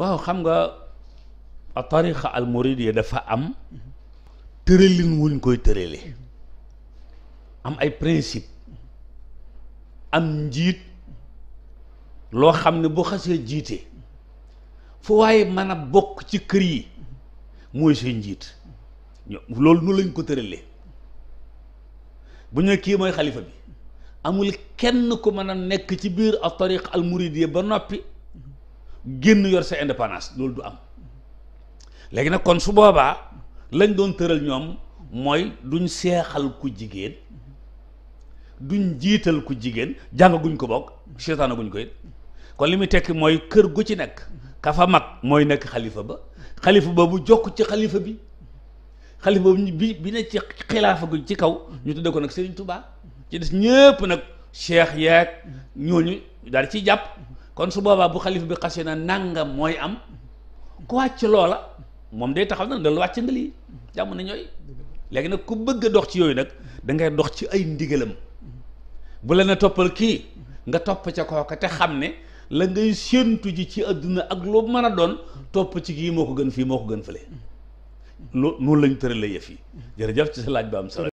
waaw xam nga a tariqa al muridiya dafa am tëralin wuñ koy tëralee am ay principe am njiit loo xam ne bu xasee jiite fu waaye mën a bokk ci kër yi mooy seen njiit loolu nu lañ ko tëralee bu ñu kii mooy xalifa bi amul kenn ko mën a nekk ci biir a tariqa al muridiya ba noppi génn yor sa indépendance loolu du am léegi nag kon su boobaa lañ doon tëral ñoom mooy duñ seexal ku jigéen duñ jiital ku jigéen jàngaguñ ko bokk seetaanaguñ ko it kon li mu tekki mooy kër gu ci nekk ka fa mag mooy nekk xalifa ba xalifa ba bu jokk ci xalifa bi xalifa boobu bi bi ne ci xilaafa gu ci kaw ñu tuddee ko nag Serigne Touba ci des ñëpp nag cheikh yeeg ñooñu daal di ciy jàpp kon su boobaa bu xalifa bi xasee na nangam mooy am ku wàcc loola moom day taxaw nag dal wàcc nga lii jàmm na ñooy léegi nag ku bëgg a dox ci yooyu nag dangay dox ci ay ndigalam bu la na toppal kii nga topp ca kooka te xam ne la ngay séentu ji ci àdduna ak loo mën a doon topp ci kii moo ko gën fii moo ko gën fële moo lañ tëralee yëf yi jërëjëf ci sa laaj ba am solo